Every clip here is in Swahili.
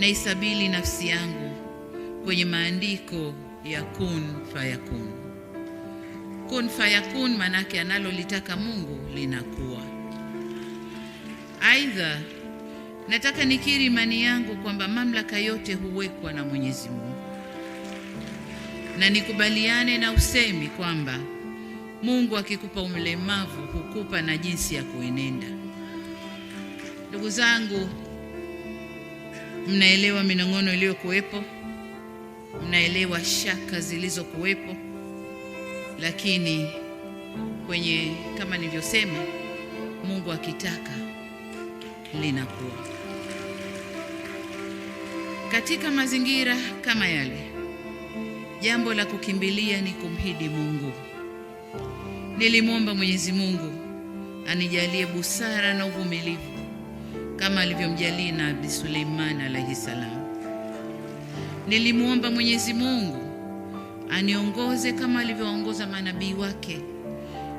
naisabili nafsi yangu kwenye maandiko ya kun fayakun. Kun fayakun maanake analolitaka Mungu linakuwa. Aidha, nataka nikiri imani yangu kwamba mamlaka yote huwekwa na Mwenyezi Mungu, na nikubaliane na usemi kwamba Mungu akikupa umlemavu hukupa na jinsi ya kuenenda. Ndugu zangu Mnaelewa minong'ono iliyokuwepo, mnaelewa shaka zilizokuwepo, lakini kwenye kama nilivyosema, Mungu akitaka linakuwa. Katika mazingira kama yale, jambo la kukimbilia ni kumhidi Mungu. Nilimwomba Mwenyezi Mungu anijalie busara na uvumilivu kama alivyomjalia Nabii Suleiman alaihi salam. Nilimwomba Mwenyezi Mungu aniongoze kama alivyoongoza manabii wake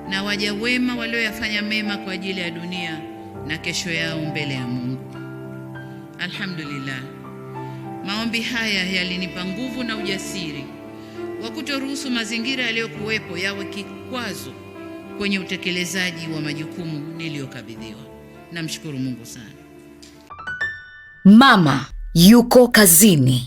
na waja wema walioyafanya mema kwa ajili ya dunia na kesho yao mbele ya Mungu. Alhamdulillah, maombi haya yalinipa nguvu na ujasiri wa kutoruhusu mazingira yaliyokuwepo yawe kikwazo kwenye utekelezaji wa majukumu niliyokabidhiwa. Namshukuru Mungu sana. Mama yuko kazini.